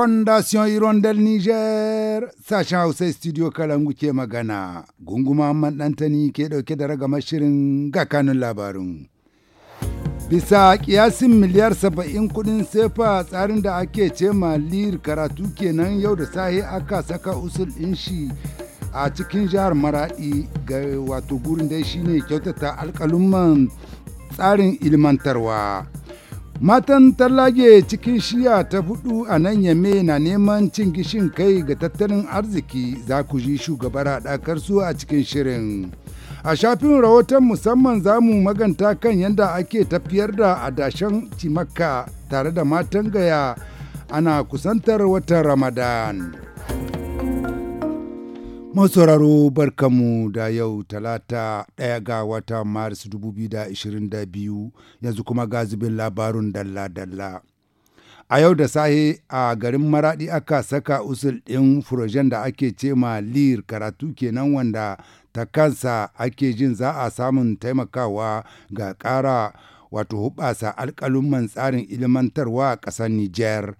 fondation irondel niger sasha hausa studio kalangu ke magana gunguma man ke ɗauke da ragamar shirin ga kanun labarin bisa kiyasin miliyar saba'in kudin sefa tsarin da ake ce malir karatu kenan yau da sahi aka saka usul ɗin shi a cikin jihar maradi ga wato gurin dai shine kyautata alkalumman tsarin ilmantarwa Matan tallage cikin shiya ta hudu a nan yame na neman cin gishin kai ga tattalin arziki za ku ji shugabar haɗakar su a cikin shirin. A shafin rahoton musamman za mu maganta kan yadda ake tafiyar da adashen cimaka tare da matan gaya ana kusantar watan Ramadan. masauraro barkanmu da yau talata ɗaya ga wata maris 2022 yanzu kuma ga zubin labarun dalla-dalla a yau da sahe a garin maradi aka saka usul ɗin furojen da ake ce ma lir karatu kenan wanda ta kansa ake jin za a samun taimakawa ga ƙara wato hubasa alƙalumman tsarin ilimantarwa a ƙasar niger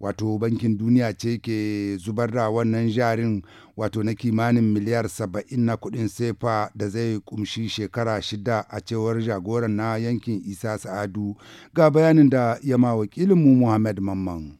wato bankin duniya ce ke zubar da wannan jarin wato na kimanin miliyar saba'in na kuɗin sefa da zai kumshi shekara shida a cewar jagoran na yankin isa sa'adu ga bayanin da ya yama wakilinmu muhammad mamman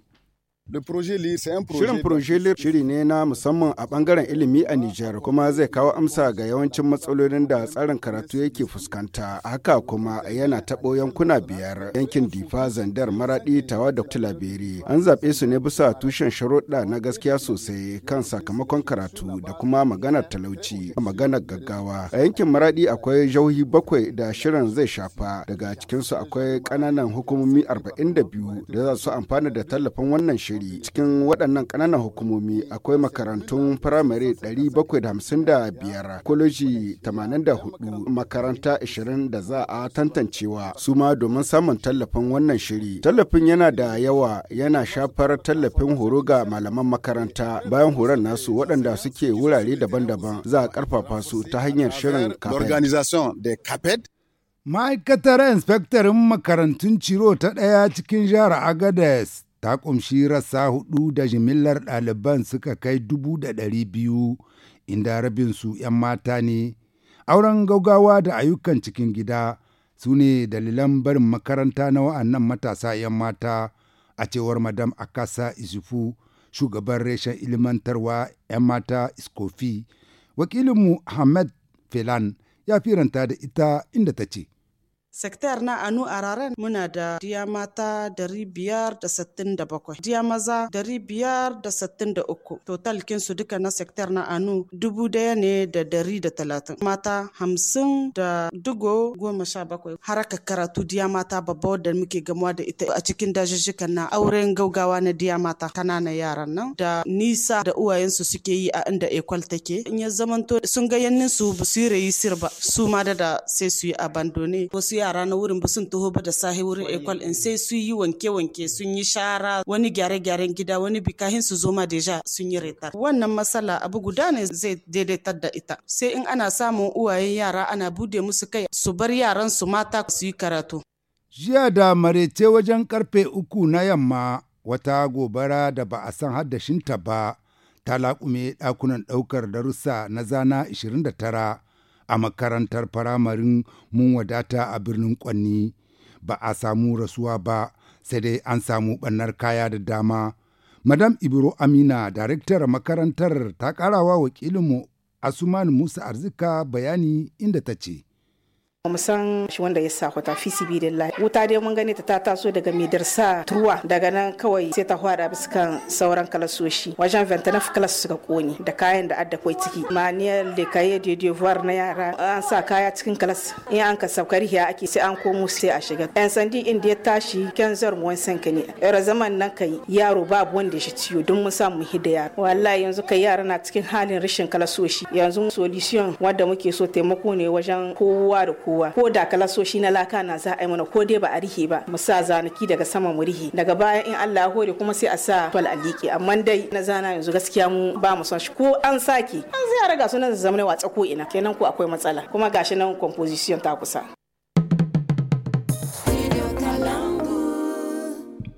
Shirin Projelir shiri ne na musamman a bangaren ilimi a Nijar kuma zai kawo amsa ga yawancin matsalolin da tsarin karatu yake fuskanta haka kuma yana taɓo yankuna biyar yankin Difa Zandar Maraɗi Tawa da tulabere An zaɓe su ne bisa tushen sharuɗa na gaskiya sosai kan sakamakon karatu da kuma maganar talauci maganar gaggawa. A yankin Maraɗi akwai jauhi bakwai da shirin zai shafa daga cikinsu akwai ƙananan hukumomi arba'in da da za su amfana da tallafin wannan shiri. iri cikin waɗannan ƙananan hukumomi akwai makarantun firamare 755 kwaleji 84 makaranta 20 da za a tantancewa su ma domin samun tallafin wannan shiri tallafin yana da yawa yana shafar tallafin horo ga malaman makaranta bayan horon nasu waɗanda suke wurare daban-daban za a ƙarfafa su ta hanyar shirin kafet ma'aikatar inspektorin makarantun ciro ta ɗaya cikin jihar agades ta ƙumshi rassa hudu da jimillar ɗaliban suka kai dubu da ɗari biyu inda rabinsu 'yan mata ne auren gaugawa da ayyukan cikin gida su ne dalilan barin makaranta na wa'annan matasa 'yan mata a cewar madam akasa isufu shugaban reshen ilimantarwa 'yan mata iskofi wakilinmu ahmed felan ya firanta da ita inda ta ce Sektar na Anu Araren muna da diya mata bakwai diya maza uku total kinsu duka na sektar na Anu dubu daya ne da dari da talatin. Mata hamsin da dugo goma sha bakwai. Haraka karatu diya mata babba da muke gamuwa da ita a cikin dajijikan na auren gaugawa na diya mata kananan yaran nan da nisa da uwayensu suke yi a inda ekwal take. In ya zamanto sun ga yannin su ba su yi sir ba su ma da sai su yi abandone. yara na wurin ba sun taho ba da sahi wurin ekwal in sai sun yi wanke-wanke sun yi shara wani gyare-gyaren gida wani bikahin su zoma deja sun yi retar wannan matsala abu guda ne zai daidaitar da ita sai in ana samun uwayen yara ana bude musu kai su bar yaran su mata su yi karatu jiya da marece wajen karfe uku na yamma wata gobara da ba a san haddashinta ba ta laƙume ɗakunan ɗaukar darussa na zana 29 a makarantar firamarin mun wadata a birnin Kwanni ba a samu rasuwa ba sai dai an samu ɓannar kaya da dama. Madam Ibro Amina, daraktar makarantar ta ƙarawa wakilinmu Asuman Musa Arzika bayani inda ta ce. ba mu san shi wanda ya sa kwata fi lai wuta dai mun gane ta ta taso daga midarsa turwa daga nan kawai sai ta fara biskan sauran kalasoshi wajen na kalas suka kone da kayan da adda kai ciki maniyar da kaye de devoir na yara an sa kaya cikin kalas in an ka saukar ya ake sai an komo sai a shiga yan sandi inda ya tashi kyan zar mu wani sanka ne yara zaman nan kai yaro babu wanda shi ciyo don mu samu hida yara wallahi yanzu kai yara na cikin halin rashin kalasoshi yanzu solution wanda muke so taimako ne wajen kowa da kowa kawowa ko da kalasoshi na laka na za a yi mana ko dai ba a rihe ba mu sa zanaki daga sama mu rihe daga baya in Allah ya hore kuma sai a sa fal aliki amma dai na zana yanzu gaskiya mu ba mu son shi ko an sake an zai raga su nan zamanin watsa ko ina kenan ko akwai matsala kuma gashi nan composition ta kusa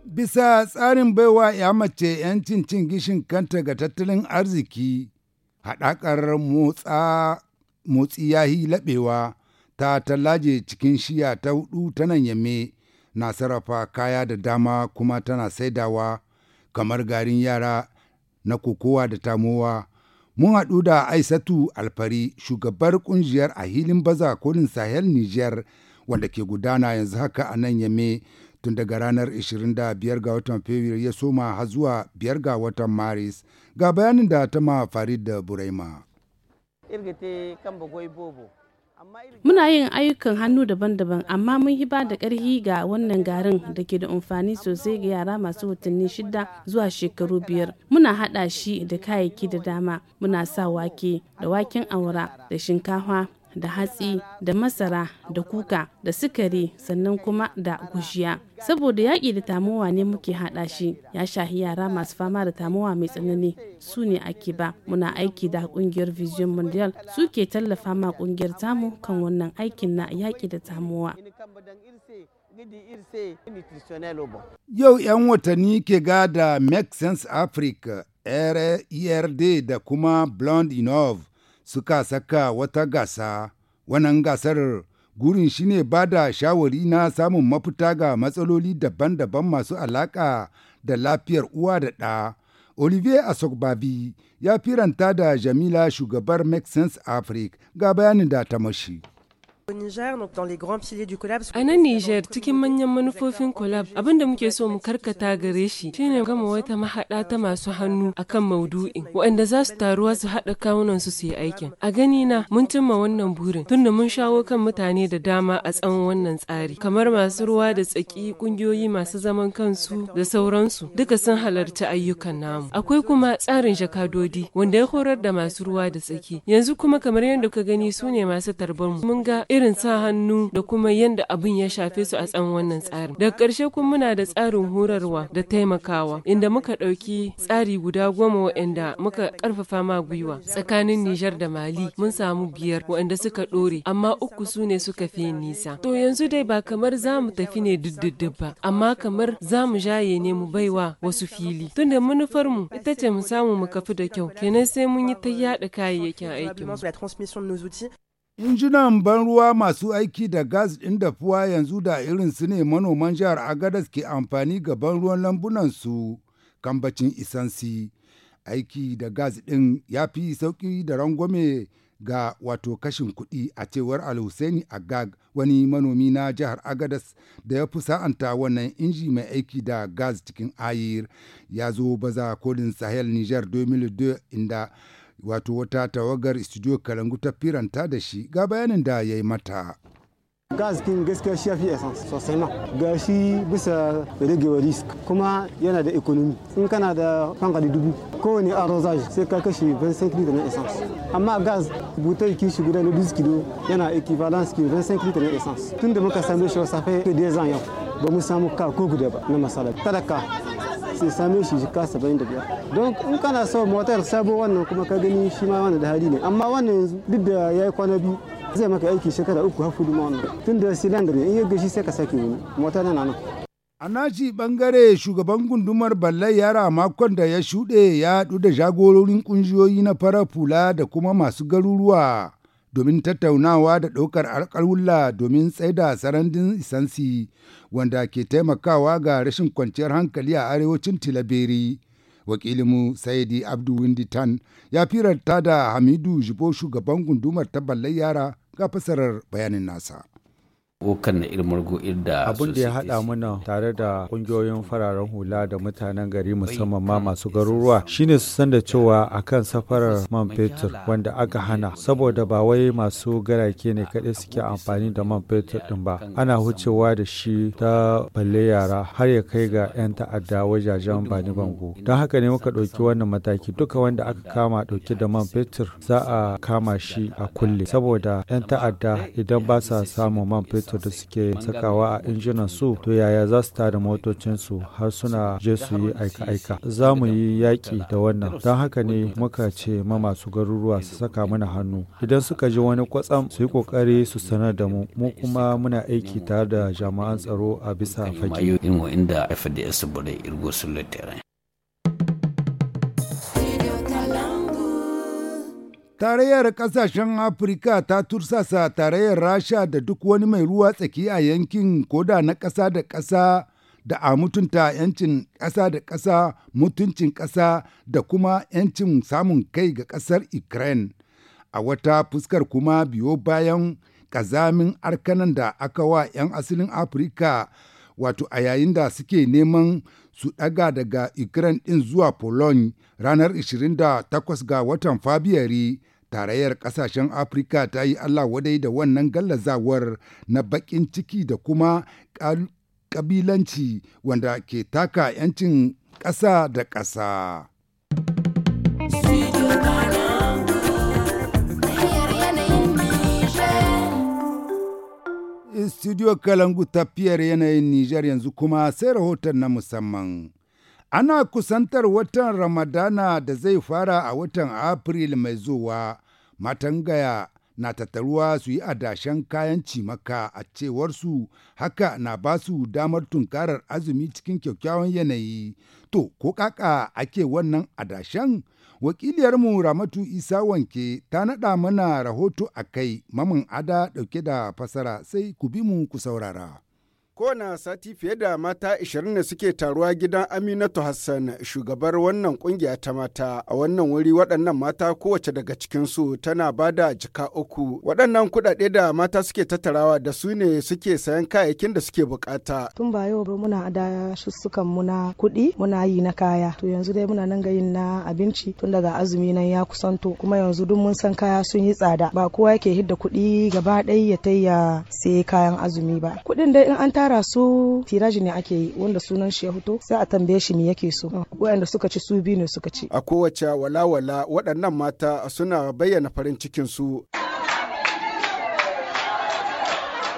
bisa tsarin baiwa ya mace 'yancin cin gishin kanta ga tattalin arziki haɗakar motsa motsi ya yi laɓewa ta tallaje cikin shiya ta hudu ta nan yamme na sarrafa kaya da dama kuma tana saidawa kamar garin yara na kokowa da tamowa. Mun haɗu da Aisatu Alfari, shugabar ƙungiyar a hilin baza kolin Sahel Niger wanda ke gudana yanzu haka a nan yamme tun daga ranar 25 ga watan fevri ya soma har zuwa 5 ga watan Maris. Ga bayanin da ta ma Farid da Buraima. Muna yin ayyukan hannu daban-daban amma mun hi ba da ƙarfi ga wannan garin da ke da amfani sosai ga yara masu watanni shida zuwa shekaru biyar. Muna haɗa shi da kayayyaki da dama. Muna sa wake da waken aura da shinkafa da hatsi da masara da kuka da sukari sannan kuma da gujiya saboda yaƙi da tamowa ne muke haɗa shi ya shahi yara masu fama da tamowa mai tsanani su ne ake ba muna aiki da ƙungiyar vision mondial ke tallafa ma ƙungiyar tamu kan wannan aikin na yaƙi da tamowa Yau 'yan watanni ke gada Make Sense Africa, ERD da kuma Blonde enough suka saka wata gasa, wannan gasar gurin shine ba da shawari na samun mafita ga matsaloli daban-daban masu alaƙa da lafiyar uwa da ɗa. Olivier Asogbabi ya firanta da Jamila shugabar Make Sense Africa ga bayanin da ta mashi. A nan Nijar cikin manyan manufofin collab abin da muke so mu karkata gare shi shine gama wata mahaɗa ta masu hannu akan maudu'in waɗanda za su taruwa su haɗa kawunan su su yi aikin. A gani na mun cimma wannan burin tunda mun shawo kan mutane da dama a tsawon wannan tsari kamar masu ruwa da tsaki ƙungiyoyi masu zaman kansu da sauransu duka sun halarci ayyukan namu. Akwai kuma tsarin jakadodi wanda ya horar da masu ruwa da tsaki yanzu kuma kamar yadda ka gani su ne masu tarbar mu mun ga irin sa hannu da kuma yadda abin ya shafe su a tsan wannan tsarin. Daga ƙarshe kuma muna da tsarin horarwa da taimakawa inda muka ɗauki tsari guda goma waɗanda muka ƙarfafa ma gwiwa tsakanin Nijar da Mali mun samu biyar waɗanda suka ɗore amma uku su ne suka fi nisa. To yanzu dai ba kamar za mu tafi ne diddidib ba amma kamar za mu jaye ne mu baiwa wasu fili. Tunda manufar mu ita ce mu samu mu kafi da kyau kenan sai mun yi ta yaɗa kayayyakin aikin. Injunan ban ruwa masu aiki da gas ɗin dafuwa yanzu da irinsu ne manoman jihar Agadas ke amfani ga ban ruwan lambunansu kambacin isansi. Aiki da gas ɗin ya fi sauƙi da rangwame ga wato kashin kuɗi a cewar Alhussaini Agag wani manomi na jihar Agadas da ya fi sa'anta wannan inji mai aiki da gas cikin ayir ya zo baza kolin Sahel nijar 2002 inda wato wata tawagar studio kalangu ta firanta da shi ga bayanin da ya yi mata. gas kin gaskiya shi fi essence sosai ma ga shi bisa wa risk kuma yana da economy in kana da fangali da dubu kowane arrosage sai ka kashe 25 litre na essence amma gas butai shi guda na 20 kilo yana equivalence ki 25 litre na essence tun da muka same shi safe da zan yau ba mu samu ka ko guda ba na masala talaka sai same shi jika 75 don in kana so motar sabo wannan kuma ka gani shi ma wani da hali ne amma wannan yanzu duk da ya yi kwana biyu zai maka aiki shekara uku har fudu ma wannan tun da silinda ne in yi gashi sai ka sake wani motar na nan a naci bangare shugaban gundumar ballai yara makon da ya shuɗe ya haɗu da jagororin ƙungiyoyi na farar fula da kuma masu garuruwa domin tattaunawa da ɗaukar alƙalwula domin tsaida sarandin isansi wanda ke taimakawa ga rashin kwanciyar hankali a arewacin tilaberi wakilinmu saidi abdu winditan ya firarta da hamidu jibo shugaban gundumar ta yara ga fasarar bayanin nasa wukan na irmargo irda abin da ya haɗa mana tare da ƙungiyoyin fararen hula da mutanen gari musamman ma masu garuruwa shine su san da cewa akan safarar man fetur wanda aka hana saboda ba wai masu garake ne kadai suke amfani da man fetur ɗin ba ana hucewa da shi ta balle yara har ya kai ga 'yan ta'adda wajajen bani bango don haka ne muka ɗauki wannan mataki duka wanda aka kama ɗauke da man fetur za a kama shi a kulle saboda 'yan ta'adda idan ba sa samun man fetur gas da suke sakawa a injinan su to yaya za su tada motocin su har suna je su yi aika-aika za mu yi yaƙi da wannan don haka ne muka ce ma masu garuruwa su saka mana hannu idan suka ji wani kwatsam su yi ƙoƙari su sanar da mu mu kuma muna aiki tare da jami'an tsaro a bisa fage. Tarayyar ƙasashen Afirka ta tursasa tarayyar Rasha da duk wani mai ruwa tsaki a yankin koda na ƙasa da ƙasa da a mutunta 'yancin ƙasa da ƙasa mutuncin ƙasa da kuma 'yancin samun kai ga ƙasar Ukraine. A wata fuskar kuma biyo bayan ƙazamin arkanan da aka wa 'yan asalin Afirka wato a yayin da suke neman su ɗaga daga Ukraine ɗin zuwa Poland ranar 28 ga watan Fabiyari tarayyar ƙasashen afirka ta yi allah wadai da wannan gallazawar na baƙin ciki da kuma ƙabilanci wanda ke taka 'yancin ƙasa da ƙasa. Studio Kalangu tafiyar yanayin Nijar yanzu kuma sai rahoton na musamman. Ana kusantar watan Ramadana da zai fara a watan Afril mai zuwa, Matangaya na tattaruwa su yi adashen kayan cimaka a cewarsu haka na ba su damar tunkarar azumi cikin kyakkyawan yanayi. To, ko kaka ake wannan adashen? Wakiliyarmu Ramatu Isa Wanke ta naɗa mana rahoto a kai, mamin ada ɗauke da fasara sai ku bi mu ku saurara. Kowane sati fiye da mata 20 ne suke taruwa gidan Aminatu Hassan shugabar wannan kungiya ta mata a wannan wuri waɗannan mata kowace daga cikinsu tana ba da jika uku. Waɗannan kuɗaɗe da mata suke tattarawa da su ne suke sayan kayayyakin da suke bukata. Tun ba yau muna da sussukan muna kuɗi muna yi na kaya. To yanzu dai muna nan ga yin na abinci tun daga azumi nan ya kusanto kuma yanzu duk mun san kaya sun yi tsada ba kowa yake hidda kuɗi gaba ɗaya ya tayya sai kayan azumi ba. Kuɗin dai in an tara tsara su tiraji ne ake yi wanda sunan shi ya fito sai a tambaye shi me yake so mm. waɗanda suka ci su biyu ne suka ci a kowace walawala waɗannan mata suna bayyana farin cikin su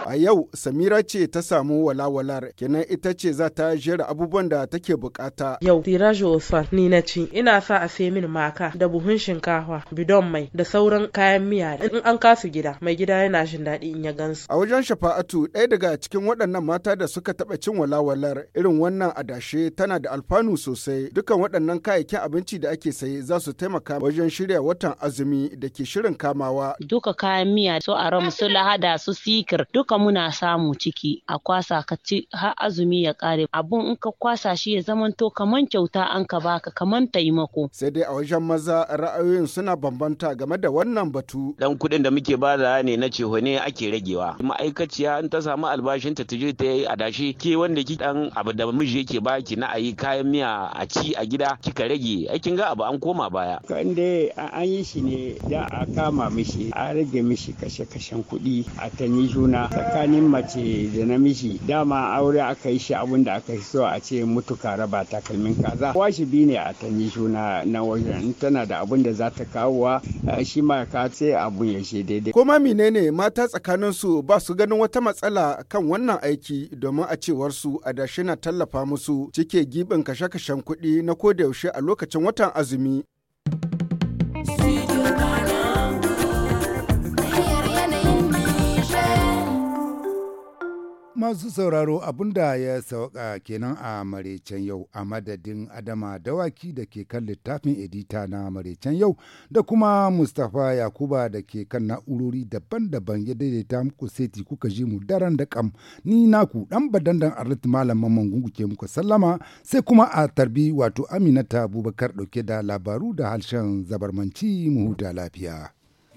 A yau Samira ce ta samu walawalar kenan ita ce za ta jera abubuwan da take bukata. Yau Tirajo Osman ni na ci ina sa a sai min maka da buhun shinkafa bidon mai da sauran kayan miya in an kasu gida mai gida yana jin daɗi in ya gansu. A wajen Shafa'atu ɗaya daga cikin waɗannan mata da suka taɓa cin walawalar irin wannan adashe tana da alfanu sosai dukan waɗannan kayayyakin abinci da ake saye za su taimaka wajen shirya watan azumi da ke shirin kamawa. Duka kayan miya su aram su lahada su sikir duka duka muna samu ciki a kwasa ka ci har azumi ya kare abun in ka kwasa shi ya zamanto kaman kyauta an ka baka kaman taimako sai dai a wajen maza ra'ayoyin suna bambanta game da wannan batu dan kuɗin da muke ba da ne na ceho ne ake ragewa ma'aikaciya in ta samu albashin ta tije ta yi adashi ke wanda ki dan abu da miji yake baki na ayi kayan miya a ci a gida kika rage aikin ga abu an koma baya inda an yi shi ne da a kama mishi a rage mishi kashe-kashen kuɗi a tanyi juna tsakanin mace da namiji dama aure aka yi shi abin da aka so a ce mutuka raba takalmin kaza biyu ne a tanyi juna na wajen tana da abin da za ta kawowa eh, shi ma ka ce abun ya she daidai kuma menene mata tsakanin su ba su ganin wata matsala kan wannan aiki domin a cewar su adashi na tallafa musu cike gibin kashe-kashen kuɗi na kodayaushe a lokacin watan azumi Masu sauraro abin da ya sauka kenan a maraicen yau a madadin Adama Dawaki da ke kan littafin edita na maraicen yau da kuma Mustapha Yakuba da ke kan na'urori daban-daban ya daidaita muku seti kuka ji mu daren da kam ni naku dan badandan Arlit Malam Mamman Gungu ke muku sallama sai kuma a tarbi wato Aminata Abubakar dauke da labaru da harshen zabarmanci mu huta lafiya.